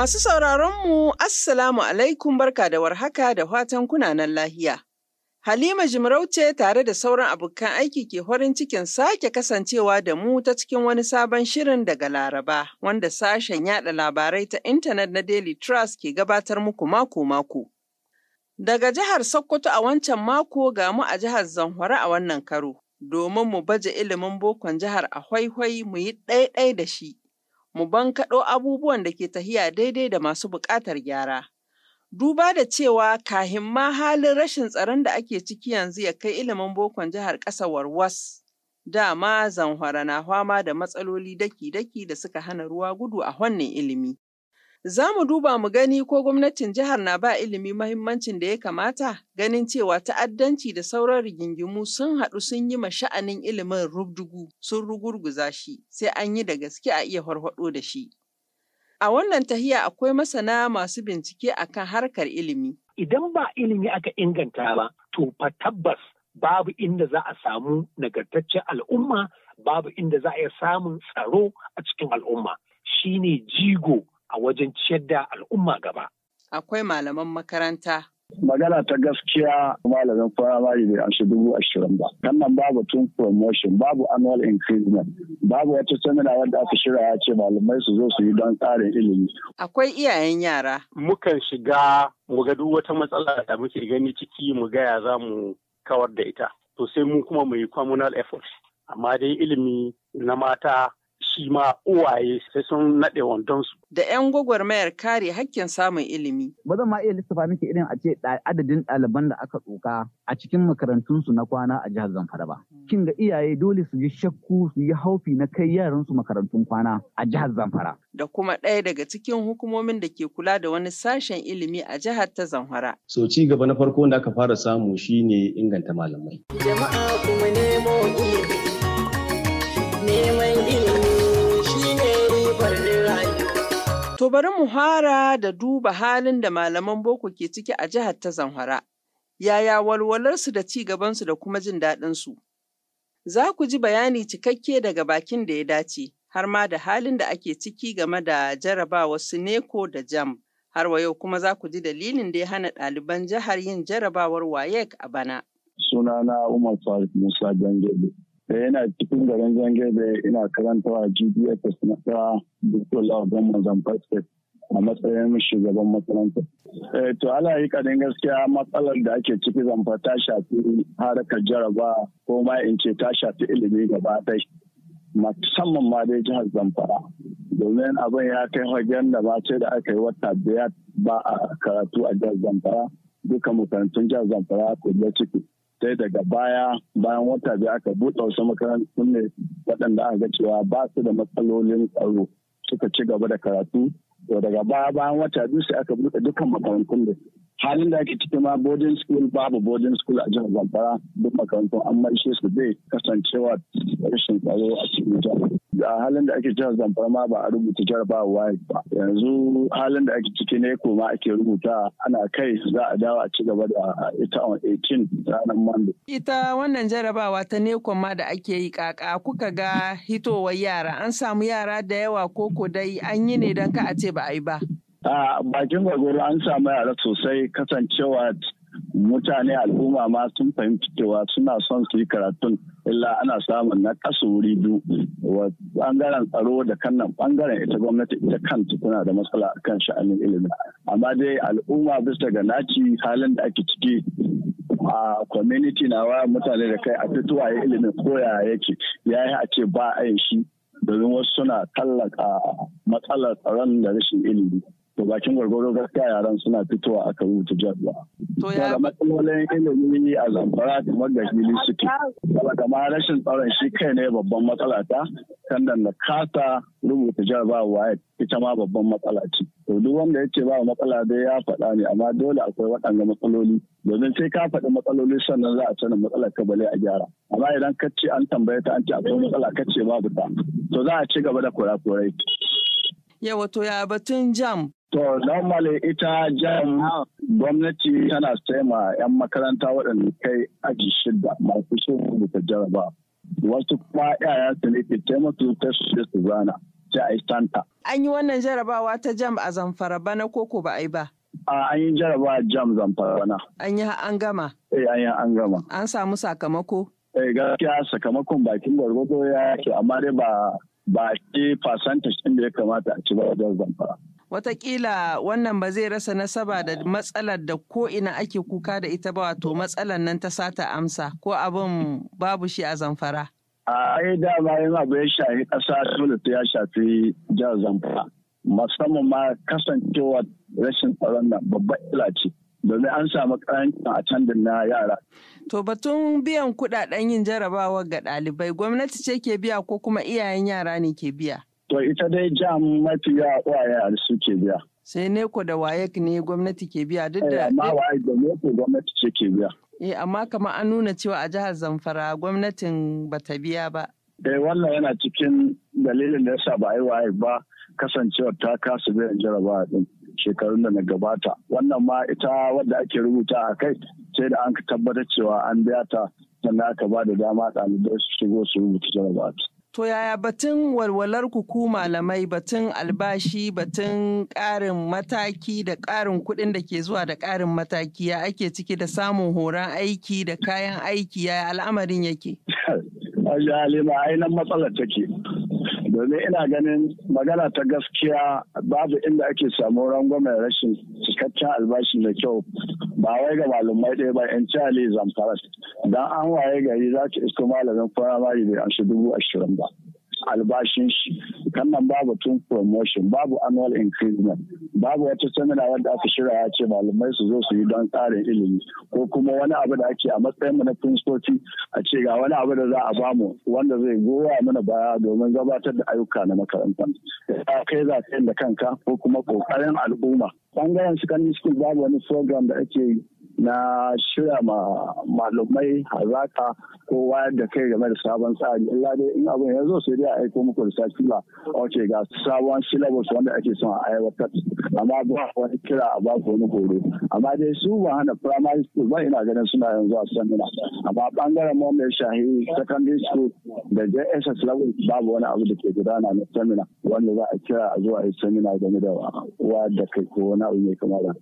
Masu sauraronmu, Assalamu alaikum barka da warhaka da fatan kunanan lahiya. Halima Jimarauce tare da sauran abokan aiki ke farin cikin sake kasancewa da mu ta cikin wani sabon shirin daga Laraba, wanda sashen yada labarai ta intanet na Daily Trust ke gabatar muku mako-mako. Daga jihar Sokoto a wancan mako ga mu a jihar Zamfara a wannan karo, domin mu baje ilimin bokon jihar a hwaihwai mu yi ɗaiɗai da shi. mu bankaɗo abubuwan da ke tahiya daidai da masu buƙatar gyara. Duba da cewa kahin ma halin rashin tsaron da ake ciki yanzu ya kai ilimin bokon jihar ƙasa warwas. Dama zanhwara na fama da matsaloli daki-daki da suka hana ruwa gudu a wannan ilimi. Za mu duba mu gani ko gwamnatin jihar na ba ilimi mahimmancin da ya kamata ganin cewa ta'addanci da sauran rigingimu sun haɗu sun yi sha'anin ilimin rubdugu sun rugurguza shi sai an yi da gaske a iya farfaɗo da shi. A wannan tahiya akwai masana masu bincike akan harkar ilimi. Idan ba ilimi aka inganta ba, to fa tabbas babu inda za a samu nagartaccen al'umma, babu inda za a iya samun tsaro a cikin al'umma. Shi ne jigo a wajen ciyar da al'umma gaba. Akwai malaman makaranta. Magana ta gaskiya malamin firamare bai amshi dubu ashirin ba. Wannan babu tun promotion, babu annual increment, babu wata seminar wadda aka shirya ya ce malamai su zo su yi don tsarin ilimi. Akwai iyayen yara. Mukan shiga mu ga duk wata matsala da muke gani ciki mu gaya za mu kawar da ita. To sai mu kuma mu yi communal effort. Amma dai ilimi na mata shi ma uwaye sai sun naɗe su? Da 'yan gwagwarmayar kare hakkin samun ilimi. Ba zan ma iya lissafa miki irin a ce adadin ɗaliban da aka tsoka a cikin makarantunsu na kwana a jihar Zamfara ba. Hmm. Kin ga iyaye dole su ji shakku su yi haufi na kai yaransu makarantun kwana a jihar Zamfara. Da kuma ɗaya daga cikin hukumomin da ke kula da wani sashen ilimi a jihar ta Zamfara. So ci gaba na farko da aka fara samu shine inganta malamai. Jama'a kuma nemo ilimi. bari mu fara da duba halin da malaman boko ke ciki a jihar ta Zamfara. Yaya walwalarsu da ci gabansu da kuma jin daɗinsu? Za ku ji bayani cikakke daga bakin da ya dace, har ma da halin da ake ciki game da jarabawar Sineko da Jam. Har wa yau kuma za ku ji dalilin da ya hana ɗaliban jihar yin jarabawar WAEC a bana. Sunana Umar Faruk Musa Gangebe. da eh, yana cikin garin zange da ina karantawa gps na ta dukkan of government a matsayin shugaban makaranta. Eh, to ala yi kadin gaskiya matsalar da ake ciki zamfa ta shafi haraka jaraba ko ma in ce ta shafi ilimi gaba ɗaya musamman ma dai jihar zamfara domin abin ya kai hagen da ba ce da aka yi wata biyar ba a karatu a jihar zamfara duka makarantun jihar zamfara ko ciki sai daga baya bayan wata biyu aka buɗe wasu makarantun ne waɗanda aka ga cewa ba su da matsalolin tsaro suka ci gaba da karatu to daga baya bayan wata biyu sai aka buɗe dukkan makarantun da halin da ake ciki ma boarding school babu boarding school a jihar zamfara duk makarantun an maishe su zai kasancewa rashin tsaro a cikin jihar a halin da ake jihar zamfara ma ba a rubuta jarabawa ba yanzu halin da ake ciki ne ko ma ake rubuta ana kai za a dawo a ci gaba da ita on 18 ranar monday ita wannan jarabawa ta nekon ma da ake yi kaka kuka ga hitowar yara an samu yara da yawa koko dai an yi ne don ka a ce ba a yi ba A bakin gwagwaro an samu yara sosai kasancewa mutane al'umma ma sun fahimci cewa suna son su yi karatun illa ana samun na kasu wuri biyu bangaren tsaro da kannan bangaren ita gwamnati ita kanta tana da matsala kan sha'anin ilimi amma dai al'umma bisa ga naci halin da ake ciki a community nawa mutane da kai a fitowa ya ilimin koya yake ya yi a ce ba a yin shi domin wasu suna tallaka matsalar tsaron da rashin ilimi to bakin gwargwaro gaskiya yaran suna fitowa a kan wuce jadwa. To ya matsalolin ilimi a zamfara kamar da fili suke. Daga ma rashin tsaron shi kai ne babban matsala ta kan da na kasa rubuta jarabawa ita ma babban matsala ce. To duk wanda ya ce ba matsala dai ya faɗa ne amma dole akwai waɗanda matsaloli domin sai ka faɗi matsaloli sannan za a sanin matsalar ka bale a gyara. Amma idan ka ce an tambaye ta an ce akwai matsala ka ce babu ta to za a ci gaba da kurakurai. Yawa to ya batun jam To, normally ita jam gwamnati tana ma 'yan makaranta waɗanda kai aji shida masu so rubuta jaraba. Wasu kuma yaya su ne ke taimaka ta shirya su zana, ta a santa. An yi wannan jarabawa ta jam a zamfara bana ko ko ba a yi ba? A an yi jaraba jam zamfara bana. An yi an gama? Eh, an yi an gama. An samu sakamako? Eh, gaskiya sakamakon bakin gwargwado ya yake amma dai ba ba ce shi da ya kamata a ci ba wajen zamfara. Wataƙila wannan ba zai rasa nasaba da matsalar da ko ina ake kuka da ita ba wato matsalar nan ta sata amsa ko abin babu shi a zamfara. A ai dama yin abu ya shafi ƙasa dole ta ya shafi jihar Zamfara. Musamman ma kasancewa rashin tsaron nan babban ila ce. domin an samu ƙarancin a can na yara. To batun biyan kuɗaɗen yin jarabawar ga ɗalibai gwamnati ce ke biya ko kuma iyayen yara ne ke biya? To ita dai jam mafiya waya suke biya. Sai neko da waye ne gwamnati ke biya duk da. Eh, amma waye da ku gwamnati ce ke biya. Eh amma kama an nuna cewa a jihar Zamfara gwamnatin bata biya ba. Eh wannan yana cikin dalilin da yasa ba a yi ba kasancewar ta kasu biyan jaraba din. shekarun da na gabata wannan ma ita wadda ake rubuta a kai sai da an tabbatar cewa an biya ta sannan aka ba da dama ɗalibai su shigo su rubuta jarabatu. To yaya batun walwalar ku ku malamai batun albashi batun ƙarin mataki da ƙarin kuɗin da ke zuwa da ƙarin mataki ya ake ciki da samun horon aiki da kayan aiki yaya al'amarin yake? Alima ainihin matsalar take. domin ina ganin magana ta gaskiya babu inda ake samu rangwamen rashin cikakken albashi mai kyau ba wai ga malumai ɗaya ba in cali zamfara dan an waye gari za ta isko malamin firamare bai amshi dubu ashirin ba albashin shi kannan babu tun promotion babu annual increasement babu wata sanarwa wanda aka shirya ya ce malamai su zo su yi don tsarin ilimi ko kuma wani abu da ake a matsayin mu na principality a ce ga wani abu da za a bamu wanda zai goya mana baya domin gabatar da ayyuka na makaranta ya kai za ka da kanka ko kuma kokarin al'umma bangaren secondary school babu wani program da ake na shirya ma malumai hazaka ko wayar da kai game da sabon tsari illa dai in abin ya sai dai a aiko muku da ba wace ga sabon syllabus wanda ake son a aiwatar amma ba wani kira a ba wani horo amma dai su ba hana primary school ba ina ganin suna yanzu a samina amma bangaren mu mai shahi secondary school da jss level babu wani abu da ke gudana na samina wanda za a kira a zuwa a yi samina game da wayar da kai ko wani abu mai kamar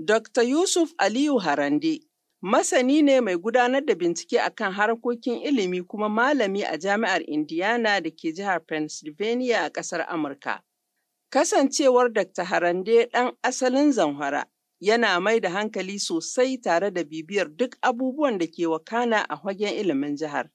Dr. Yusuf Aliyu Harande, masani ne mai gudanar da bincike akan harkokin ilimi kuma malami a Jami'ar Indiana da ke jihar Pennsylvania a ƙasar Amurka. Kasancewar Dr. Harande ɗan asalin zanhara yana mai da hankali sosai tare da bibiyar duk abubuwan da ke wakana a fagen ilimin jihar.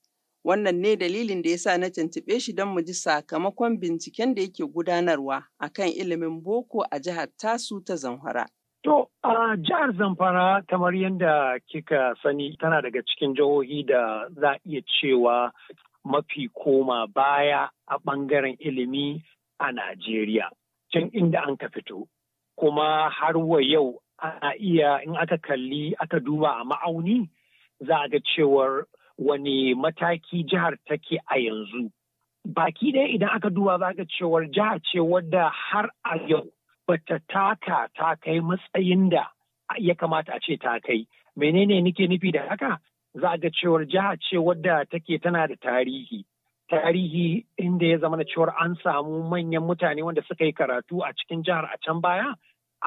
Wannan ne dalilin da ya sa na tuntuɓe shi don mu ji sakamakon binciken da yake gudanarwa akan ilimin boko a jihar tasu ta Zamfara. To, a jihar Zamfara kamar yadda kika sani tana daga cikin jihohi da za a iya cewa mafi koma baya a ɓangaren ilimi a Najeriya, can inda an ka fito. Kuma har wa yau ana iya in aka kalli aka duba a ma'auni za a ga cewar wani mataki jihar take a yanzu. Baki ɗaya idan aka duba za a ga cewar jihar ce wadda har a yau bata taka ta kai matsayin da ya kamata a ce ta kai menene nake nufi da haka za a ga cewar jiha ce wadda take tana da tarihi tarihi inda ya zama cewar an samu manyan mutane wanda suka yi karatu a cikin jihar a can baya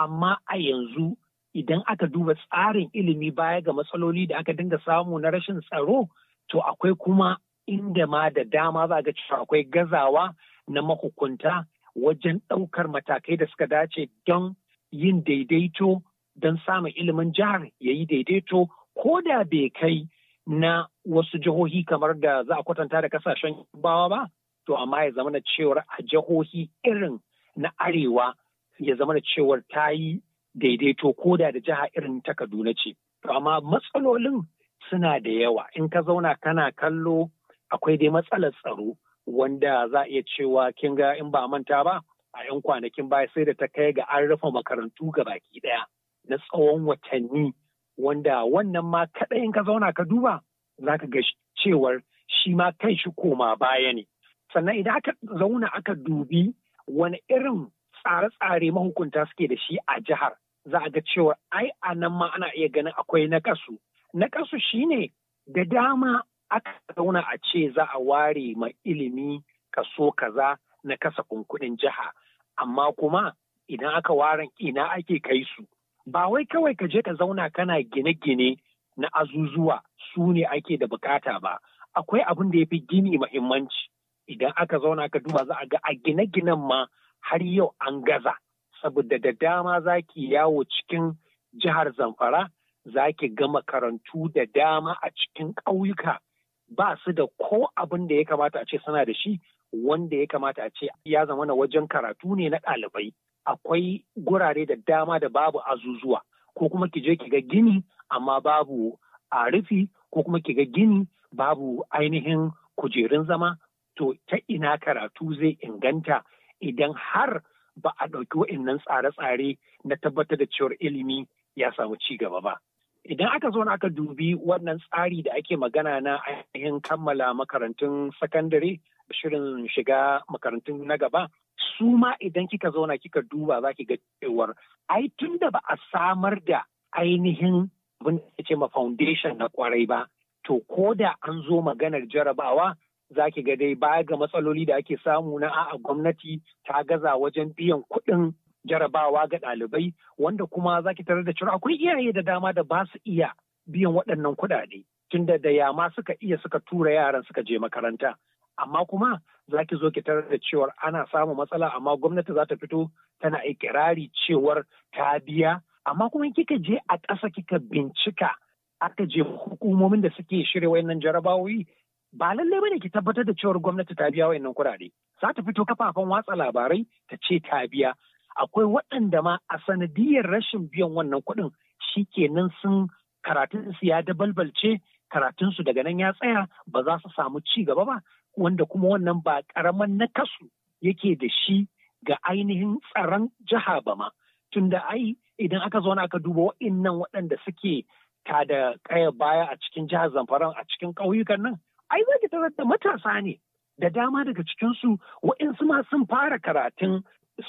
amma a yanzu idan aka duba tsarin ilimi baya ga matsaloli da aka dinga samu na rashin tsaro to akwai kuma inda ma da dama za a ga cewa akwai gazawa na mahukunta wajen ɗaukar matakai da suka dace don yin daidaito don samun ilimin jihar ya yi daidaito ko da bai kai na wasu jihohi kamar da za a kwatanta da kasashen bawa ba to amma ya zama na cewar a jihohi irin na arewa ya zama da cewar ta yi daidaito ko da da jiha irin ta kaduna ce to amma matsalolin suna da yawa in ka zauna kana kallo akwai dai matsalar tsaro wanda za a iya cewa kin ga in ba manta ba a 'yan kwanakin baya sai da ta kai ga an rufe makarantu ga baki ɗaya na tsawon watanni wanda wannan ma kaɗai in ka zauna ka duba za ka ga cewar shi ma kai shi koma baya ne sannan idan aka zauna aka dubi wani irin tsare-tsare mahukunta suke da shi a jihar za a ga cewa ai a nan ma ana iya ganin akwai na kasu na kasu shine da dama aka zauna a ce za a ware ma ilimi kaso kaza na kasa kuɗin jiha amma kuma idan aka waran ina ake kai su ba wai kawai ka je ka zauna kana gine-gine na azuzuwa su ne ake da bukata ba akwai abin da ya fi gini mahimmanci idan aka zauna ka duba za a ga a gine-ginen ma har yau an gaza saboda da dama za ki yawo cikin jihar zamfara za ki ga makarantu da dama a cikin ƙauyuka ba su da ko abin da ya kamata a ce suna da shi wanda ya kamata a ce ya zama na wajen karatu ne na ɗalibai akwai gurare da dama da babu azuzuwa ko kuma ki je ki ga gini amma babu a rufi ko kuma ki ga gini babu ainihin kujerun zama to ta ina karatu zai inganta idan har ba a ɗauki wa'innan tsare-tsare na tabbatar da cewar ilimi ya samu ci gaba ba. Idan aka zo aka dubi wannan tsari da ake magana na ainihin kammala makarantun sakandare shirin shiga makarantun na gaba su ma idan kika zauna kika duba za ki ga cewar ai tun da ba a samar da ainihin abin da ce ma foundation na kwarai ba to ko da an zo maganar jarabawa za ki ga dai baya ga matsaloli da ake samu na a'a gwamnati ta gaza wajen biyan kuɗin jarabawa ga ɗalibai wanda kuma za ki tarar da cewa akwai iyaye da dama da ba su iya biyan waɗannan kuɗaɗe tunda da yama suka iya suka tura yaran suka je makaranta amma kuma za ki zo ki tarar da cewar ana samun matsala amma gwamnati za ta fito tana ikirari cewar ta biya amma kuma kika je a ƙasa kika bincika aka je hukumomin da suke shirya wayannan jarabawoyi ba lallai bane ki tabbatar da cewar gwamnati ta biya wayannan kuɗaɗe za ta fito kafafen watsa labarai ta ce ta biya akwai waɗanda ma a sanadiyar rashin biyan wannan kuɗin shi kenan sun karatunsu ya dabalbalce karatunsu daga nan ya tsaya ba za su samu ci gaba ba wanda kuma wannan ba ƙaramin nakasu yake da shi ga ainihin tsaron jiha ba ma tunda ai idan aka zo aka duba wa'innan waɗanda suke ta da kaya baya a cikin jihar zamfara a cikin ƙauyukan nan ai za ki tarar da matasa ne da dama daga cikinsu wa'insu ma sun fara karatun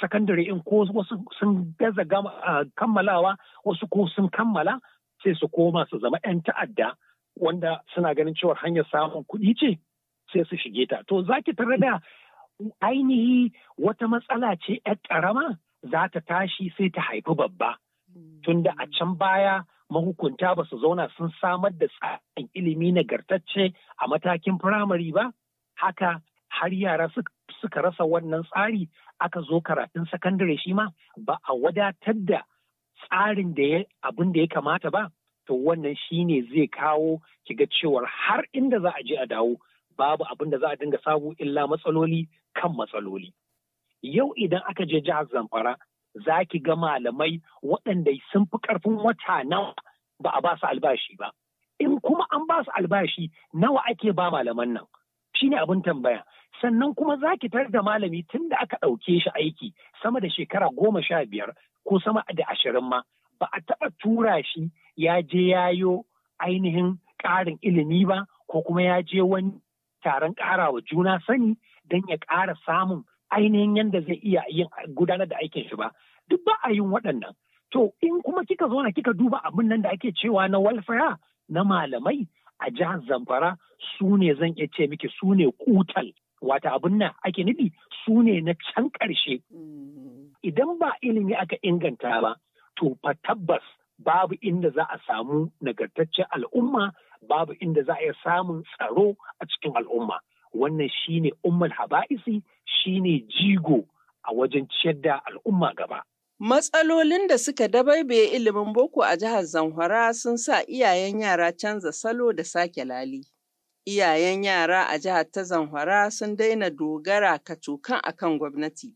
sakandare in ko wasu sun gaza kammalawa wasu ko sun kammala sai su koma su zama 'yan ta'adda wanda suna ganin cewa hanyar samun kuɗi ce sai su shige ta to zaki ki tare da ainihi wata matsala ce 'yar ƙarama za ta tashi sai ta haifi babba mm. tunda a can baya mahukunta ba su zauna sun samar da tsarin ilimi nagartacce a matakin firamare ba haka har yara suka rasa wannan tsari aka zo karatun sakandare shi ma ba a wadatar da tsarin da ya abin da ya kamata ba to wannan shi ne zai kawo kiga cewar har inda za a je a dawo babu abin da za a dinga samu illa matsaloli kan matsaloli yau idan aka je jihar zamfara za ki ga malamai waɗanda sun fi ƙarfin wata nawa ba a ba su albashi ba in kuma an ba su albashi nawa ake ba malaman nan shine abin tambaya sannan kuma za ki tar da malami tun da aka ɗauke shi aiki sama da shekara goma sha biyar ko sama da ashirin ma ba a taɓa tura shi ya je yayo ainihin ƙarin ilimi ba ko kuma ya je wani taron ƙarawa juna sani don ya ƙara samun ainihin yadda zai iya yin gudanar da aikin shi ba duk ba a yin waɗannan to in kuma kika zo na kika duba abin nan da ake cewa na walfaya na malamai a jihar zamfara su ne zan iya ce miki su ne kutal wata abun nan ake nufi su ne na can ƙarshe. Idan ba ilimi aka inganta ba, to fa tabbas babu inda za a samu nagartaccen al'umma, babu inda za a yi samun tsaro a cikin al'umma. Wannan shi ne Umar haba'isi shi ne jigo a wajen ciyar da al'umma gaba. Matsalolin da suka dabaibaye ilimin boko a jihar Zamfara sun sa iyayen yara canza salo da sake lali. iyayen yara a jihar ta Zamfara sun daina dogara kacokan akan gwamnati.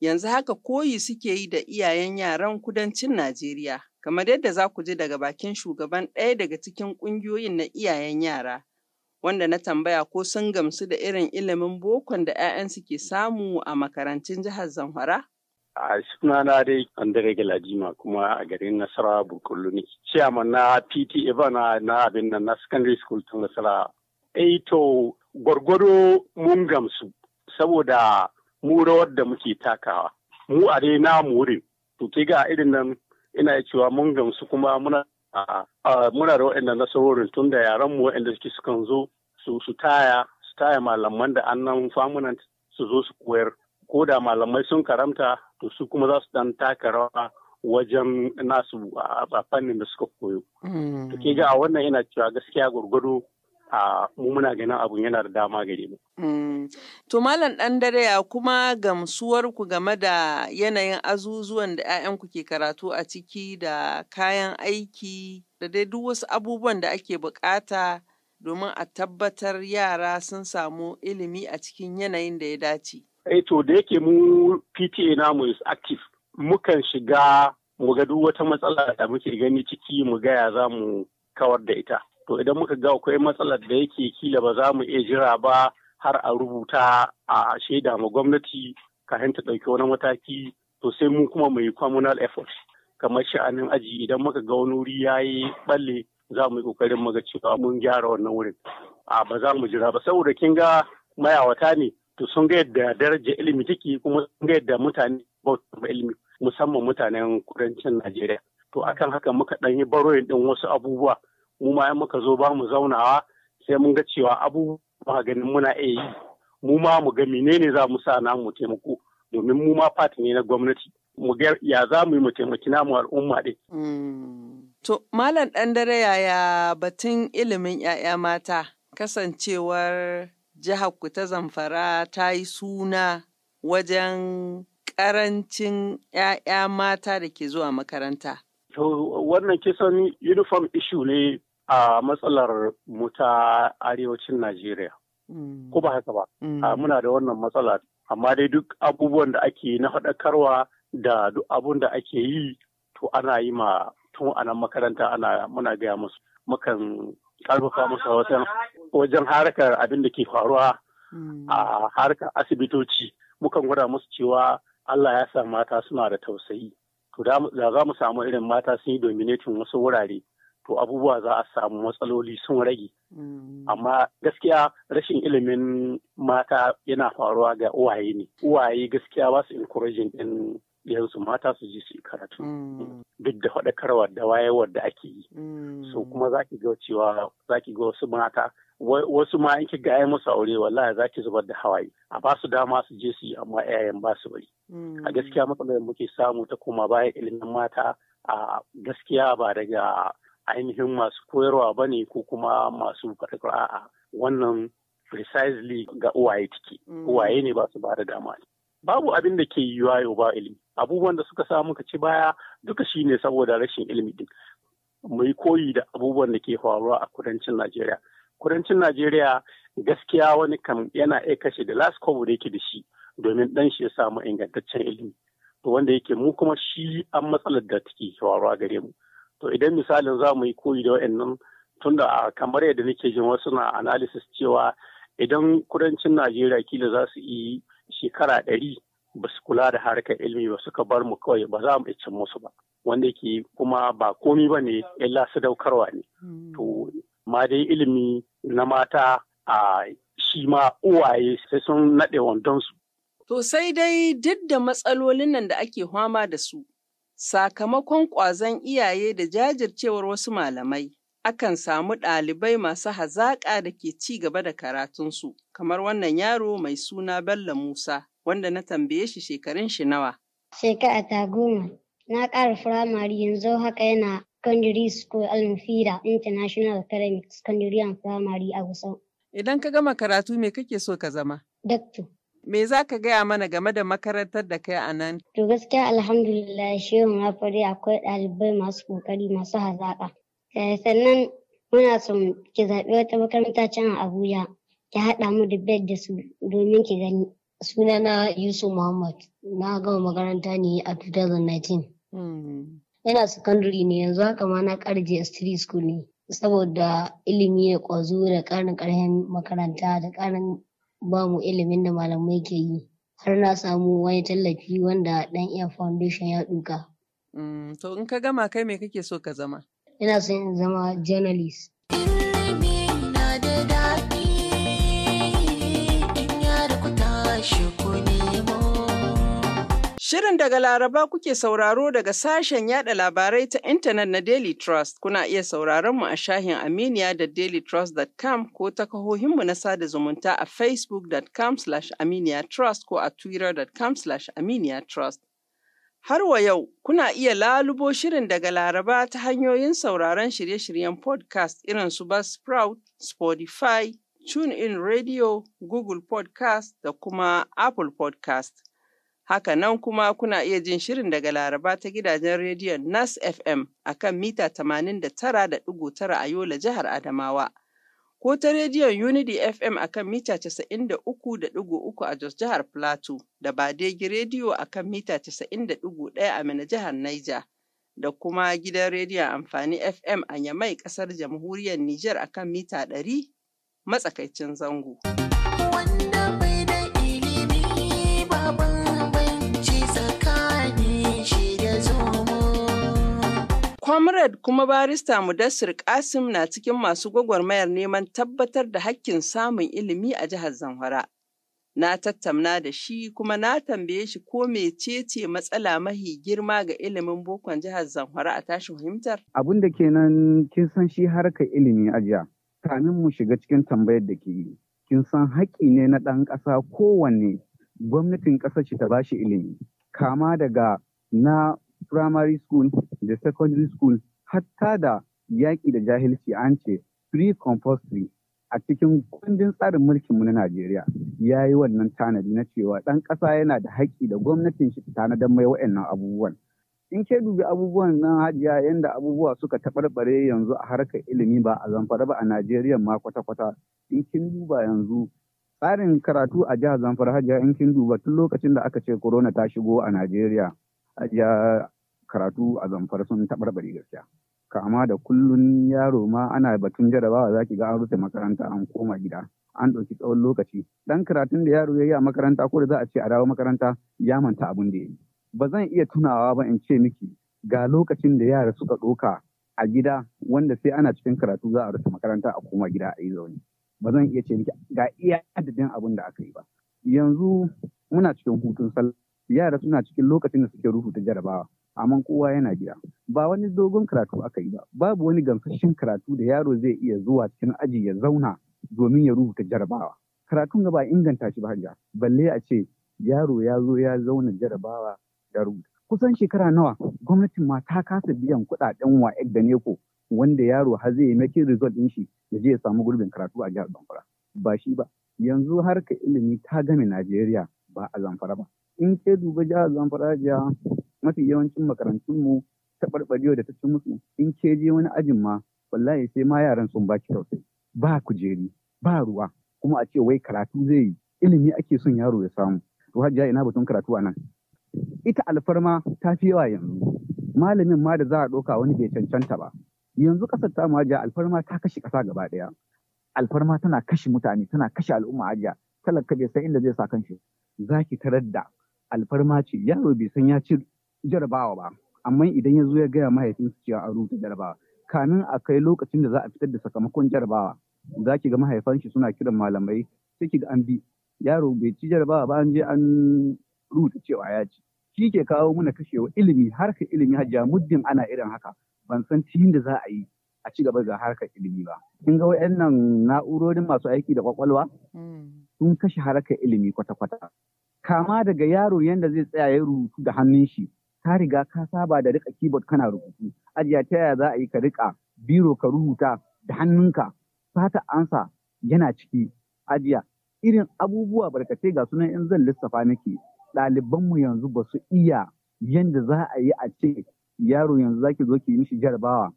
Yanzu haka koyi suke yi da iyayen yaran kudancin Najeriya, kamar yadda za ku ji daga bakin shugaban ɗaya daga cikin ƙungiyoyin na iyayen yara, wanda na tambaya ko sun gamsu da irin ilimin bokon da 'ya'yansu ke samu a makarantun jihar Zamfara? a sunana dai Andre Galadima kuma a garin Nasarawa Bukulu ne. Ciyaman na PTA bana na abin nan na secondary school tun Nasara Eh, to gwargwado mun gamsu saboda mu da muke takawa. Mu a dai na wurin. To ke ga irin nan ina cewa mun gamsu kuma muna muna da nasarorin tun da yaran mu waɗanda suke sukan zo su su taya su taya malaman da annan famunan su zo su koyar ko da malamai sun karamta to su kuma za su dan taka rawa wajen nasu a fannin da suka koyo. Mm. To ke ga a wannan yana cewa gaskiya gwargwado a mu muna ganin abun yana da dama gare mu. Mm. To Malam ɗan dare ya kuma gamsuwar ku game da yanayin azuzuwan da 'ya'yanku ke karatu a ciki da kayan aiki da dai duk wasu abubuwan da ake bukata domin a tabbatar yara sun samu ilimi a cikin yanayin da ya dace. Eh to da yake mu PTA namu is active mukan shiga mu ga duk wata matsala da muke gani ciki mu ga ya za mu kawar da ita. to idan muka ga akwai matsalar da yake kila ba za mu iya jira ba har a rubuta a shaida ma gwamnati kafin ta ɗauki wani mataki to sai mu kuma mu yi communal effort kamar sha'anin aji idan muka ga wani wuri ya yi balle za mu yi ƙoƙarin ga cewa mun gyara wannan wurin a ba za mu jira ba saboda kin ga mayawata ne to sun ga yadda daraja ilimi take kuma sun ga yadda mutane bautar ilimi musamman mutanen kudancin Najeriya to akan haka muka ɗan yi baroyin ɗin wasu abubuwa mu ma muka zo ba mu zaunawa sai mun ga cewa abubuwa ganin muna iya yi mu ma mu ga menene za mu sa namu taimako domin mu ma fati ne na gwamnati mu ga ya za mu yi mu taimaki namu al'umma ɗin. To Malam dare yaya batun ilimin 'ya'ya mata kasancewar jihar ku ta zamfara ta yi suna wajen ƙarancin 'ya'ya mata da ke zuwa makaranta. To wannan kisan uniform issue ne a matsalar mu ta arewacin Najeriya. Mm. Ko ba haka ba? Mm. Muna da wannan matsala amma dai duk abubuwan da ake yi na faɗakarwa da duk abun da ake yi to ana yi ma tun a makaranta ana muna gaya musu mukan ƙarfafa musu wajen wajen harkar abin da ke faruwa mm. a harkar asibitoci mukan gwada musu cewa Allah ya sa mata suna da tausayi to da za mu samu irin mata sun yi dominatin wasu wurare to abubuwa za a samu matsaloli sun rage mm. amma gaskiya rashin ilimin mata yana faruwa ga uwaye ne uwaye gaskiya ba su encouraging din yanzu mata su je su yi karatu mm. duk da faɗakarwa da wayewar da ake yi mm. so kuma za ki ga cewa za ki ga wasu mata wasu ma in ki ga musu aure wallahi za ki zubar da hawaye a ba su dama su je su yi amma yayan ba su bari a mm. gaskiya matsalar muke samu ta koma bayan ilimin mata a gaskiya ba daga ainihin masu koyarwa ba ne ko kuma masu faɗakarwa a wannan precisely ga uwaye take uwaye ne ba su ba da dama ne babu abin da ke yiwuwa yau ba ilimi abubuwan da suka sa muka ci baya duka shine saboda rashin ilimi din mu koyi da abubuwan da ke faruwa a kudancin Najeriya kudancin Najeriya gaskiya wani kam yana iya kashe da last kobo da yake da shi domin dan shi ya samu ingantaccen ilimi to wanda yake mu kuma shi an matsalar da take faruwa gare mu to idan misalin za mu yi koyi da wa'annan tunda a kamar yadda nake jin wasu na analysis cewa idan kudancin Najeriya kila za su yi shekara ɗari ba su kula da harkar ilimi ba suka bar mu kawai ba za mu icin musu ba wanda ke kuma ba komi ba ne illa sadaukarwa ne hmm. to ma dai ilimi na mata a shi ma uwaye sai sun naɗe wandonsu. To sai dai duk da matsalolin nan da ake hwama da su, sakamakon ƙwazon iyaye da jajircewar wasu malamai, akan samu ɗalibai masu hazaƙa da ke ci gaba da karatunsu. kamar wannan yaro mai suna Bello Musa wanda na tambaye shi shekarun shi nawa. Shekara ta goma. Na ƙara firamare yanzu haka yana secondary school Almufira International Academy Secondary and Primary a Gusau. Idan ka gama karatu me kake so ka zama? Doctor. Me za ka gaya mana game da makarantar da kai a nan? To gaskiya alhamdulillah shehu na fari akwai ɗalibai masu ƙoƙari masu hazaƙa. Eh, sannan muna son ki zaɓi wata makaranta can a Abuja. Ya haɗa mu da bed da su domin ki gani. Suna na Yusuf Muhammad na gama makaranta ne a 2019. Yana hmm. secondary ne yanzu haka ma na ƙara JS3 school ne. Saboda ilimi ya ƙwazo da ƙarin ƙarfin makaranta da ƙarin bamu ilimin da malamai ke yi. Har na samu wani tallafi wanda dan iya foundation ya ɗuka. Hmm. To in ka gama kai me kake so ka zama? Ina son zama journalist. Shirin daga Laraba kuke sauraro daga sashen yada labarai ta intanet na Daily Trust. Kuna iya sauraron mu a shahin Aminiya da dailytrust.com ko ta kahohinmu na sada zumunta a facebook.com slash aminiyatrust ko a twitter.com slash aminiyatrust. Har wa yau, kuna iya lalubo shirin daga Laraba ta hanyoyin sauraron shirye-shiryen podcast irin su Buzzsprout, Spotify, TuneIn Radio, Google Podcast da kuma Apple Podcast. Haka nan kuma kuna iya jin shirin daga Laraba ta gidajen rediyon Nas FM a kan mita 89.9 a Yola jihar Adamawa. Ko ta rediyon Unity FM a kan mita 93.3 a Jos jihar Plateau da Badegi rediyo a kan mita 90.1 a Mina jihar Niger. Da kuma gidan rediyon amfani FM a Yamai kasar jamhuriyar Nijar a kan mita 100 matsakaicin zango. Comrade kuma barista Mudassir Kasim na cikin masu gwagwarmayar neman tabbatar da hakkin samun ilimi a jihar Zamfara. Na tattauna da shi kuma na tambaye shi ko mecece matsala mahi girma ga ilimin bokon jihar Zamfara a tashin fahimtar. Abin da kenan kin san shi harkar ilimi a jiya. Kamin mu shiga cikin tambayar da ke yi. Kin san haƙƙi ne na ɗan ƙasa kowanne gwamnatin ƙasar ta bashi ilimi. Kama daga na primary school da secondary school hatta da yaƙi da jahilci an ce free compulsory a cikin kundin tsarin mulkinmu na Najeriya ya yi wannan tanadi na cewa ɗan ƙasa yana da haƙƙi da gwamnatin shi tanadar mai wa'annan abubuwan. In ke dubi abubuwan nan hajiya yadda abubuwa suka taɓarɓare yanzu a harkar ilimi ba a zamfara ba a Najeriya ma kwata-kwata in kin duba yanzu tsarin karatu a jihar zamfara hajiya in kin duba tun lokacin da aka ce corona ta shigo a Najeriya. karatu a zamfara sun taɓarɓare gaskiya kama da kullum yaro ma ana batun jarabawa za ki ga an rufe makaranta an koma gida an ɗauki tsawon lokaci ɗan karatun da yaro ya yi a makaranta ko da za a ce a dawo makaranta ya manta abin da ya yi ba zan iya tunawa ba in ce miki ga lokacin da yara suka ɗoka a gida wanda sai ana cikin karatu za a rufe makaranta a koma gida a yi zaune ba zan iya ce miki ga iya adadin abin da aka yi ba yanzu muna cikin hutun sallah yara suna cikin lokacin da suke rubuta jarabawa amma kowa yana gida ba wani dogon karatu aka yi ba babu wani gamsashen karatu da yaro zai iya zuwa cikin aji ya zauna domin ya rubuta jarabawa karatun gaba inganta shi ba balle a ce yaro ya zo ya zauna jarabawa ya rubuta kusan shekara nawa gwamnatin ma ta kasa biyan kuɗaɗen wa da neko wanda yaro har zai yi makin result ɗin shi ya je ya samu gurbin karatu a jihar Zamfara ba shi ba yanzu harka ilimi ta game Najeriya ba a Zamfara ba in ke duba jihar Zamfara jiya mafi yawancin makarantun mu ta taɓarɓarewa da ta ci musu in ke je wani ajin ma wallahi sai ma yaran sun baki tausayi ba kujeri ba ruwa kuma a ce wai karatu zai yi ilimi ake son yaro ya samu to hajiya ina batun karatu a nan ita alfarma ta fi yawa yanzu malamin ma da za a ɗauka wani bai cancanta ba yanzu ƙasar ta mu hajiya alfarma ta kashe ƙasa gaba ɗaya alfarma tana kashe mutane tana kashe al'umma hajiya talaka bai san inda zai sa kanshi zaki tarar da alfarma ce yaro bai san ya ci jarabawa ba amma idan ya zo ya gaya mahaifinsa cewa an rubuta jarabawa kamin a kai lokacin da za a fitar da sakamakon jarabawa za ki ga mahaifan shi suna kiran malamai sai ki ga an bi yaro bai ci jarabawa ba an je an rubuta cewa ya ci shi ke kawo mana kashewa ilimi harkar ilimi hajja muddin ana irin haka ban san cikin da za a yi a ci gaba ga harkar ilimi ba kin ga wayannan na'urorin masu aiki da kwakwalwa mm. sun kashe harkar ilimi kwata-kwata kama daga yaro yadda zai tsaya ya rubutu da hannun shi ka riga ka saba da rika keyboard kana rubutu ajiya ta yaya za a yi ka rika biro ka rubuta da hannunka fata ansa yana ciki ajiya irin abubuwa barkatai ga sunan in zan lissafa miki ɗalibanmu yanzu ba su iya yanda za a yi a ce yaro yanzu zaki zo ki mishi jarabawa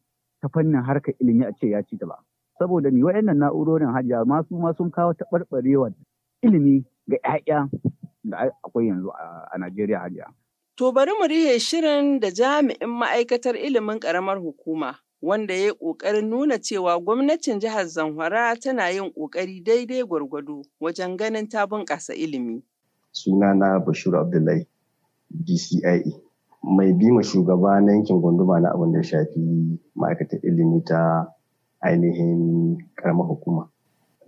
ta fannin harkar ilimi a ce ya ci gaba saboda ni wayannan na'urorin hajiya masu ma sun kawo taɓarɓarewar ilimi ga 'ya'ya da akwai yanzu a Najeriya hajiya. To bari mu rihe shirin da jami'in ma'aikatar ilimin ƙaramar hukuma. Wanda ya yi ƙoƙarin nuna cewa gwamnatin jihar Zamfara tana yin ƙoƙari daidai gwargwado wajen ganin ta bunƙasa ilimi. Sunana Bashir Abdullahi, DCIE, mai bi ma shugaba na yankin gunduma na abin da shafi ma'aikatar ilimi ta ainihin ƙaramar hukuma.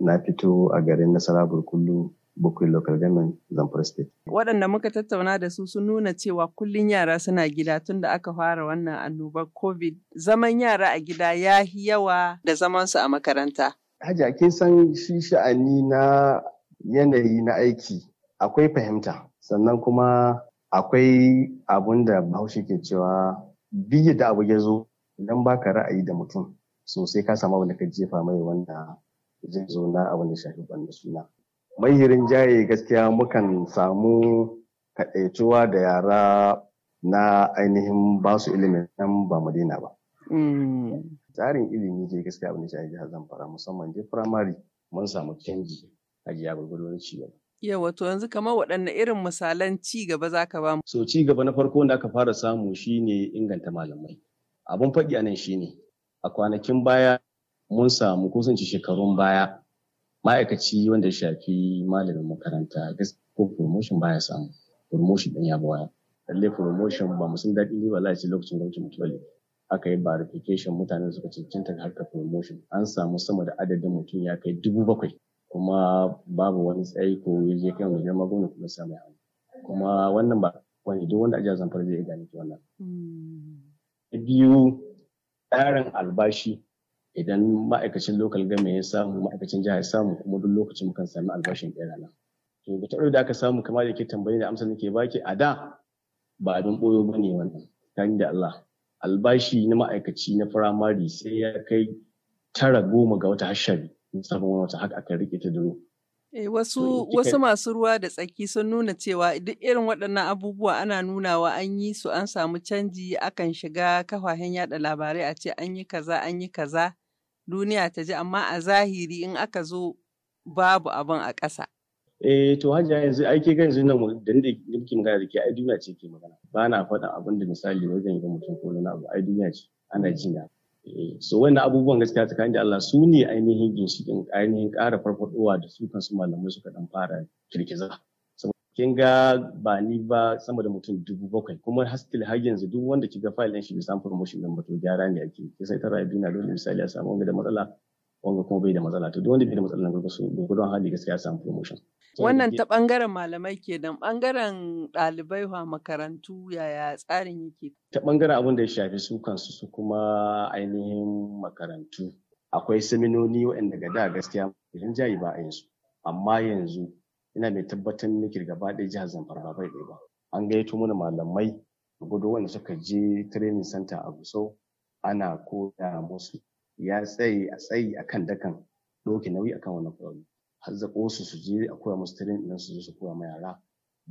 Na fito a garin Nasara Burkullu Bukwai Local Government Zamfara State. Waɗanda muka tattauna da su sun nuna cewa kullum yara suna gida tun da aka fara wannan annobar COVID. Zaman yara a gida ya yi yawa da zamansu a makaranta. Haji ake san shi sha'ani na yanayi na aiki akwai fahimta sannan kuma akwai abun da bahaushe ke cewa biye da abu ya zo idan baka ra'ayi da mutum sosai ka samu abu da ka jefa mai wanda zai zo na abu da shafi wannan suna. mahirin jaye gaskiya mukan samu kaɗaituwa da yara na ainihin ba su ilimin 'yan ba madina ba. Mm. Tsarin ilimi je gaskiya abin da shi jihar Zamfara musamman je firamare mun samu canji a jiya gwargwado na ci gaba. wato yanzu kamar waɗanne irin misalan ci gaba za ka ba mu. So ci gaba na farko da aka fara samu shine inganta malamai. Abun faɗi a nan ne. a kwanakin baya mun samu kusanci shekarun baya ma'aikaci wanda ya shafi malamin makaranta ko promotion baya samu promotion din ya baya lalle promotion ba musun daɗi ne a ce lokacin gwamnati mutuwali aka yi verification mutane suka cancanta harkar promotion an samu sama da adadin mutum ya kai dubu bakwai kuma babu wani tsayi ko ya je kan wajen magana kuma samu hannu kuma wannan ba wani duk wanda ajiyar zamfara zai iya gane ki wannan. Hmm. biyu tsarin albashi idan ma'aikacin local government ya samu ma'aikacin jiha ya samu kuma duk lokacin mukan sami albashin ɗaya rana to da da aka samu kamar da ke tambayi da amsar nake baki a da ba abin boyo ba ne wannan kan da Allah albashi na ma'aikaci na firamare sai ya kai tara goma ga wata hashari musamman wata haka aka rike ta duro E, wasu wasu masu ruwa da tsaki sun nuna cewa duk irin waɗannan abubuwa ana nunawa an yi su an samu canji akan shiga kafafen yada labarai a ce an yi kaza an yi kaza duniya ta ji amma a zahiri in aka zo babu abin a ƙasa. Eh to hajiya yanzu aiki ga yanzu nan da ni da nake magana da ke ai duniya ce ke magana ba na faɗa abin da misali wajen ga mutum ko na abu ai duniya ce ana jina. so wannan abubuwan gaskiya tsakanin da Allah su ne ainihin ginshikin ainihin ƙara farfadowa da su kansu malamai suka dan fara kirkiza kin ga ba ni ba sama da mutum dubu bakwai kuma haskil har yanzu duk wanda kiga file ɗin shi bai samu promotion ɗin ba to gyara ne ake sai ita rayu na dole misali ya samu wanda da matsala wanda kuma bai da matsala to duk wanda bai da matsala na gurgursu gudun hali gaskiya ya samu promotion Wannan ta ɓangaren malamai ke nan ɓangaren ɗalibai wa makarantu yaya tsarin yake? Ta ɓangaren abin da ya shafi su kansu su kuma ainihin makarantu. Akwai seminoni waɗanda ga da gaskiya idan jayi ba a su. Amma yanzu ina mai tabbatar miki gaba ɗaya jihar Zamfara bai ɗaya ba. An gayyato mana malamai gudu wanda suka je training center a Gusau ana koya musu ya tsayi a tsayi akan dakan ɗauke nauyi akan wannan kwallo. hazzako su su je a koya musu training din su zo su koya ma yara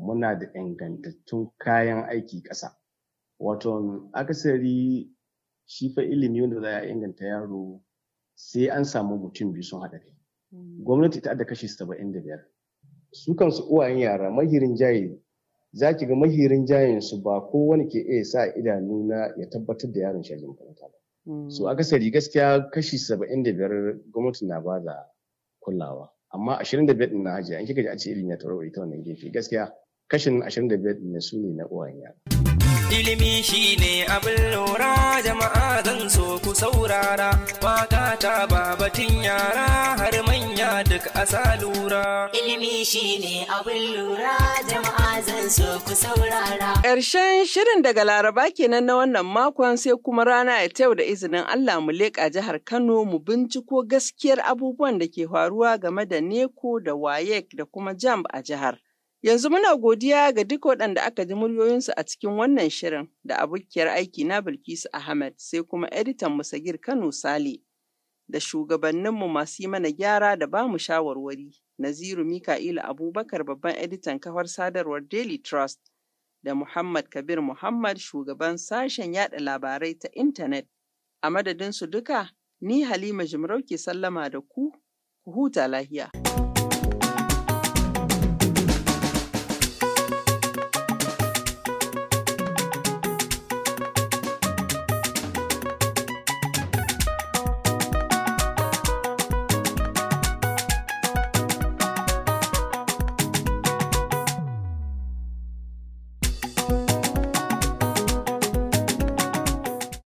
muna da ingantattun kayan aiki ƙasa wato akasari shi fa ilimi wanda za a inganta yaro sai an samu mutum biyu sun haɗa kai hmm. gwamnati ta da kashi saba'in da biyar su kansu uwayen yara mahirin jaye za ki ga mahirin jayin su ba ko wani ke iya sa idanu na ya tabbatar da yaron shagin makaranta ba hmm. so akasari gaskiya kashi saba'in da biyar gwamnati na ba da kulawa amma 25 ɗin na hajiya in kika ji a ce ilimi ya taurari ta wannan gefe gaskiya kashin 25 ne su ne na uwan yara. Ilimi shi ne abin lura jama'a zan so ku saurara waka ta babatin yara har manya duk asa lura. Ilimi shi ne abin lura jama'a zan so ku saurara. Ƙarshen shirin daga Laraba kenan na wannan makon sai kuma rana ya yau da izinin Allah mu leƙa jihar Kano mu binciko gaskiyar abubuwan da ke faruwa game da Neko da Wayek da kuma Jamb a jihar. Yanzu muna godiya ga duk waɗanda aka ji muryoyinsu a cikin wannan shirin da abokiyar aiki na Bilkisu Ahmed sai kuma editan mu Sagir Kano Sale da shugabanninmu masu yi mana gyara da bamu shawarwari Naziru Mika'ilu Abubakar babban editan kafar sadarwar Daily Trust da Muhammad Kabir Muhammad shugaban sashen yaɗa labarai ta intanet a madadinsu duka ni Halima Jimarauke sallama da ku ku huta lahiya.